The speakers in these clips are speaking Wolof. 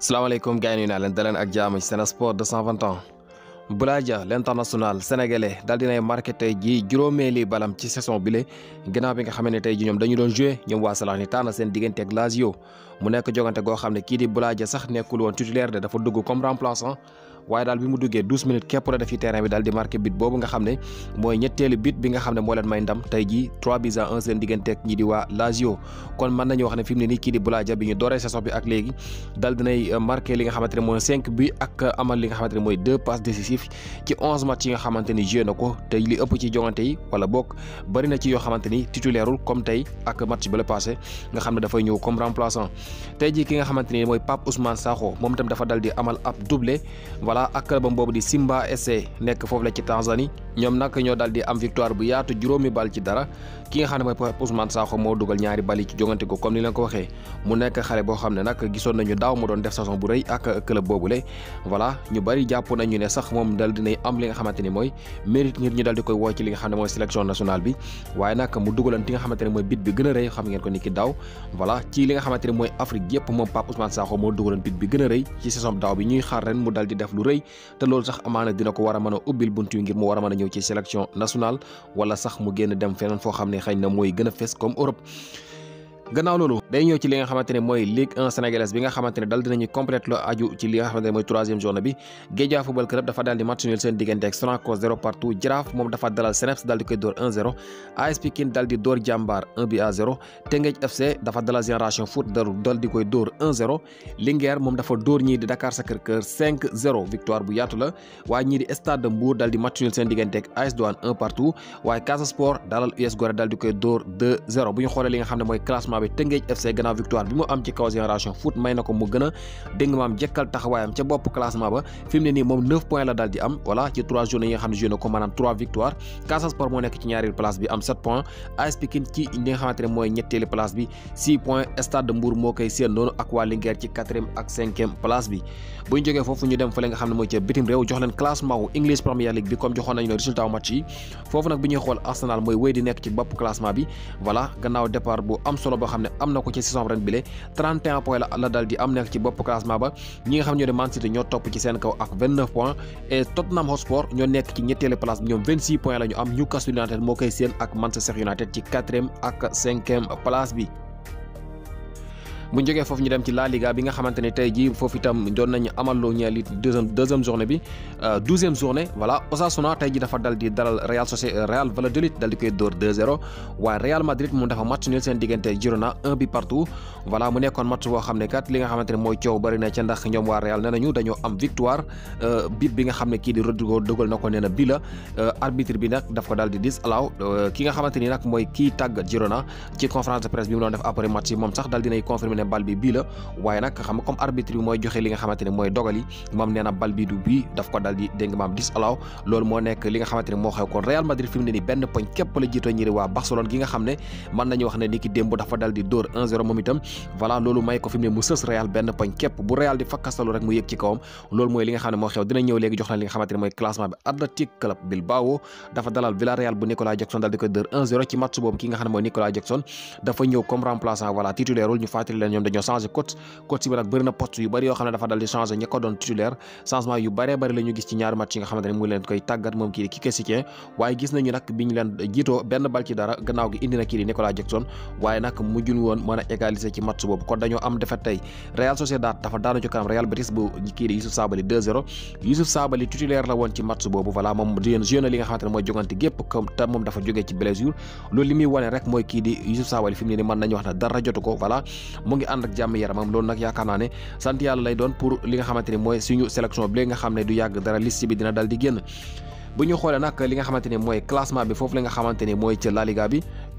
salaamaaleykum gars yi nuyu naa leen daleen ak jaamu ci Sen Sport 221 Boulaye Dia l'international sénégalais daal dinay marqué tey jii juróomeeli balam ci saison bile gannaaw bi nga xam ne tey jii ñoom dañu doon joué ñoom waa Salernitana seen diggante ak Lazio mu nekk jogante goo xam ne kii di Boulaye Dia sax nekkul woon titulaire de dafa dugg comme remplaçant waaye daal bi mu duggee douze minutes képp la def ci terrain bi daal di marqué bit boobu nga xam ne mooy ñetteelu bit bi nga xam ne moo leen may ndam tey jii 3 buts à 1 seen digganteeg ñi di waa Lazio kon mën nañu wax ne fi mu ne nii kii di Boulaye Dia bi ñu dooree saison bi ak léegi daal dinay euh, marqué li nga xamante ne mooy cinq buts ak euh, amal li nga xamante ne mooy deux passes décisives ci onze matchs yi nga xamante ni joué na ko te li ëpp ci jongante yi wala bokk bëri na ci yoo xamante ni titulairul comme tey ak match bi la passé nga xam ne dafay ñëw comme remplaçant tey jii ki nga xamante ni mooy Pape Ousmane Sakho moom itam dafa dal di amal ab doublé voilà Salah ak clubam boobu di Simba SC nekk foofu la ci Tanzanie ñoom nag ñoo daal di am victoire bu yaatu juróomi bal ci dara ki nga xam moy mooy Pape Ousmane Sakho moo dugal ñaari bal yi ci jongante ko comme ni leen ko waxee mu nekk xale boo xam ne nag gisoon nañu daaw mu doon def saison bu rëy ak club boobule voilà ñu bari jàpp nañu ne sax moom dal dinay am li nga xamante ni mooy mérite ngir ñu dal koy woo ci li nga xam ne sélection nationale bi waaye nag mu dugalan ti nga xamante ne bit bi gën a rëy xam ngeen ko ni ki daaw voilà ci li nga xamante ne Afrique yépp moom Pape Ousmane Sakho moo dugalan bit bi gën a rëy ci saison daaw bi ñuy xaar ren mu dal def lu rëy te loolu sax amaana dina ko war a mën a ubbil bunt yu ngir mu war a mën a ñëw ci sélection nationale wala sax mu génn dem feneen foo xam ne xëy na mooy gën a fes comme Europe gannaaw loolu day ñëw ci li nga xamante mooy Ligue 1 bi nga xamante ne dal dinañu complète lu aju ci li nga xamante mooy troisième journée bi Guédiawaye Football Club dafa daal di match seen diggante ak zéro partout Jaraaf moom dafa dalal CNEPS daal di koy door 1-0 AS Pikine di door Jàmbaar 1 but FC dafa dalal Génération Foot dal di koy door 1 moom dafa door ñii di Dakar Sacré-Cœur 5 victoire bu yaatu la waaye ñii di bi Tëngéej FC gannaaw victoire bi mu am ci kaw Génération Foot may na ko mu gën a maam jëkkal taxawaayam ca bopp classement ba fi ne nii moom 9 la daal am voilà ci 3 journées yi nga xam ne joué na victoire Casa Sport moo nekk ci ñaareelu place bi am 7 points AS Pikine ci li nga mooy ñetteelu place bi 6 Stade de moo koy seen noonu ak waa Linguère ci quatrième ak cinquième place bi bu ñu jógee foofu ñu dem xam ne am na ko ci saison ren bile 31 points la dal di am nekk ci bopp classement ba ñi nga xam ñoo ne Man ñoo topp ci seen kaw ak 29 points Tottenham Hotspur ñoo nekk ci ñetteelu place bi ñoom 26 points la ñu am Newcastle United moo koy seen ak Manchester United ci quatrième ak cinquième place bi. buñ jógee foofu ñu dem ci la liga bi nga xamante ne tey jii itam doon nañu amal loo ñeel it deuxième deuxième journée bi euh, douzième journée voilà osasuna tey jii dafa dal di dalal real Sociedad euh, real valladolid dal di koy dóor 2 0 waaye real madrid moom dafa match nul seen diggante girona 1 bi partout voilà mu nekkoon match boo xam ne kat li nga xamante ne mooy coow na ca ndax ñoom waa real nee nañu am victoire euh, bit bi nga xam ne di rodrigo dëgal na ko bi la arbitre bi nag daf ko dal di dis ki nga xamante ni nag mooy kii girona ci conférence de presse bi mu doon def après match yi moom sax dal dinay confirmer ne bii la waaye nag comme arbitre mooy joxe li nga xamante mooy dogal yi moom nee bii dafa ko dal di ko dóor 1 ci match boobu ki nga xam mooy Nicolas Jackson dafa ñëw comme remplaçant voilà titulaire ñu fàttali ne ñoom dañoo changé coach coach bi nag bëri na poste yu bëri yoo xam ne dafa dal di changé doon titulaire changement yu bëree bëri la gis ci ñaari match yi nga xamante mu leen koy tàggat moom kii a dañoo am défaite tey Real Sociedad dafa daanu ci Real Betis bu kii di Youssouf Sabaly 2 la woon ci match boobu voilà moom jeune li nga xamante mooy jogante gépp comme moom dafa jógee ci blessure loolu muy wane rek mooy kii di Youssouf Sabaly ngi ànd ak jàmm yaramam loolu nag yaakaar naa ne sant yàlla lay doon pour li nga xamante ni mooy suñu sélection bi nga xam ne du yàgg dara liste bi dina dal di génn bu ñu xoolee nag li nga xamante ne mooy classement bi foofu la nga xamante ni mooy ca La bi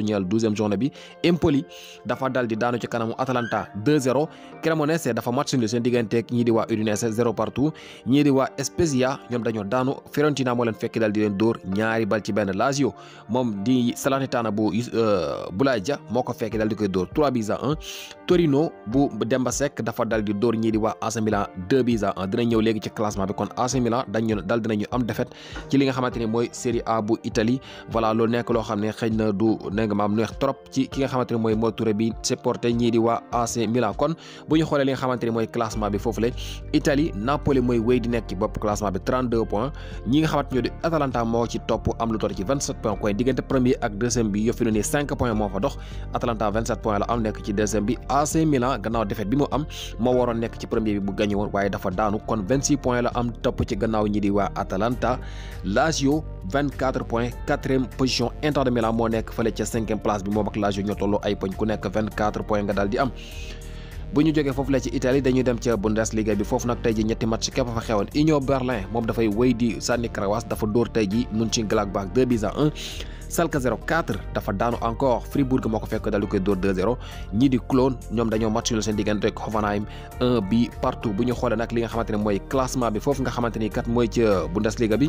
lu ñeel douzième journée bi Empoli dafa dal di daanu ci kanamu Atalanta 2-0 Cremonese dafa match nul seen digganteeg ñii di partout ñii di ñoom dañoo daanu Fiorentina moo leen fekk dal di leen ñaari bal ci benn Lazio moom di Salernitana bu euh, Boulaye moo ko fekk dal koy dóor 3 buts à 1 Torino bu Demba Seck dafa dal di dóor ñii di waa AC Milan 2 ñëw léegi ci classement bi kon AC Milan dañu A jàng neex trop ci ki nga xamante mooy Mor Touré bi supporté ñii di waa AC Milan kon bu ñu xoolee li nga xamante mooy classement bi foofu la Italie Napoli mooy wéy di nekk ci bopp classement bi koy diggante premier ak deuxième bi yofi ni moo fa dox Atalanta 27 la am nekk ci deuxième bi AC Milan gannaaw défaite bi mu am moo waroon nekk ci premier bi bu gagné woon waaye dafa daanu kon 26 la am topp ci gannaaw ñi di waa Atalanta Lazio 24 cinquième place bi moom ak Lazio ñoo tolloo ay poñ ku nekk 24 points nga daal di am bu ñu jógee foofu la ci Italie dañuy dem ca Bundesliga bi foofu nag tey ji ñetti match képp fa xewoon Union Berlin moom dafay wéy di sànni karawaas dafa dóor tey ji Mönchengladbach 2 buts à 1 Schalke 04 dafa daanu encore Fribourg moo ko fekk daal di koy 2-0 ñii di Cologne ñoom dañoo match la seen diggante rek Hoffenheim 1 bi partout bu ñu xoolee nag li nga xamante ne mooy classement bi foofu nga xamante kat mooy ca Bundesliga bi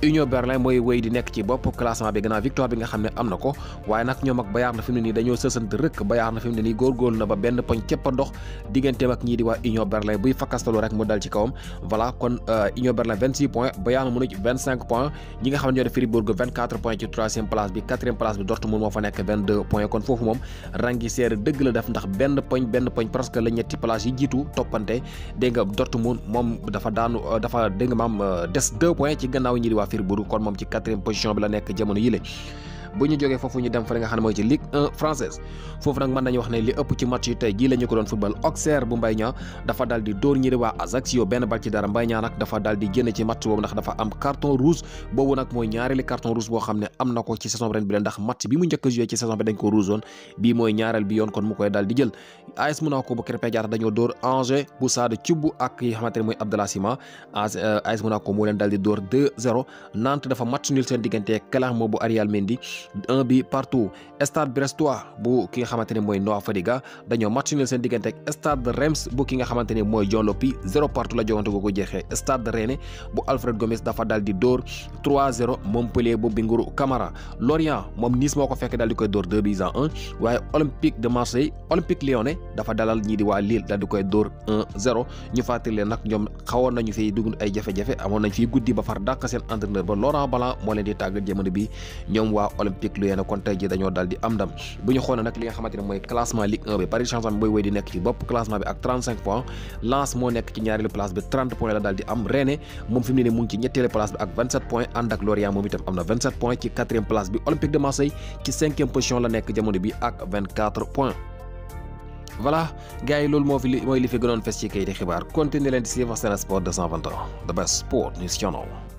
Union Berlin mooy wéy di nekk ci bopp classement bi gannaaw victoire bi nga xam ne am na ko waaye nag ñoom ak Bayern na fi ne nii dañoo sësant rëkk Bayern na fi ne nii góorgóorlu na ba benn poñ cëpp a dox digganteem ak ñii di waa Union Berlin buy fakkastalu rek mu dal ci kawam voilà kon euh, Union Berlin 26 points Bayern Munich 25 ci troisième place bi quatrième place bi Dortmund moo fa nekk 22 points kon foofu def ndax benn poñ benn poñ presque la ñetti waa Fribourg kon moom ci quatrième position bi la nekk jamono yile bu ñu jógee foofu ñu dem fa li nga xam ne mooy ci Ligue 1 foofu nag mën nañu wax ne li ëpp ci match yi tey jii la ñu ko doon football Auxerre bu Mbaye Niang dafa daal di dóor ñi waa Ajaccio benn bal ci dara Mbaye Niang nag dafa dal di génn ci match boobu ndax dafa am carton rouge boobu nag mooy ñaareeli carton rouge boo xam ne am na ko ci saison bi ren bi leen ndax match bi mu njëkk a joué ci saison bi dañ ko rouge woon bii mooy ñaareel bi yoon kon mu koy daal di jël AS Monaco bu Krépin Diatta dañoo dóor Angers bu Sada Thioub ak moo leen daal di dóor 2-0 Nantes dafa match nul seen diggante Clermont bu Arial un bi partout stade brestois bu ki nga xamante ne mooy Noah Fadiga dañoo match nul seen diggante ak stade Reims bu ki nga xamante ne mooy Dion Lopy zéro partout la jogante googu jeexee stade Rennes bu Alfred Gomis dafa daal di dóor 3-0 Montpellier bu Bingourou Kamara Lorient moom Nice moo ko fekk daal di koy dóor 2 buts à 1 waaye Olympique de Marseille Olympique Lyonnais dafa dalal ñii di waa Lille daal di koy dóor 1-0 ñu fàttali leen nag ñoom xawoon nañu fiy dugg ay jafe-jafe amoon nañ fiy guddi ba far dàq seen entraîneur ba Laurent Blanc moo leen di tàggat bi Olympique Lyonnais kon tey ji dañoo daal am ndam buñu xone nak li nga xamanteni moy classement Ligue 1 bi Paris Saint-Germain booy way di nek ci bop classement bi ak 35 points Lens mo nek ci ñaareelu place bi 30 points la daldi am René moom fimni ne mu ngi ci ñetteelu place bi ak 27 points and ak Lorient mom itam amna 27 points ci e place bi Olympique de Marseille ci e position la nek jamono bi ak 24 points. voilà gars yi loolu moo fi moy li fi gënoon fess ci kayiti xibaar continuer leen ci suivre Sport 221 the best sport news channel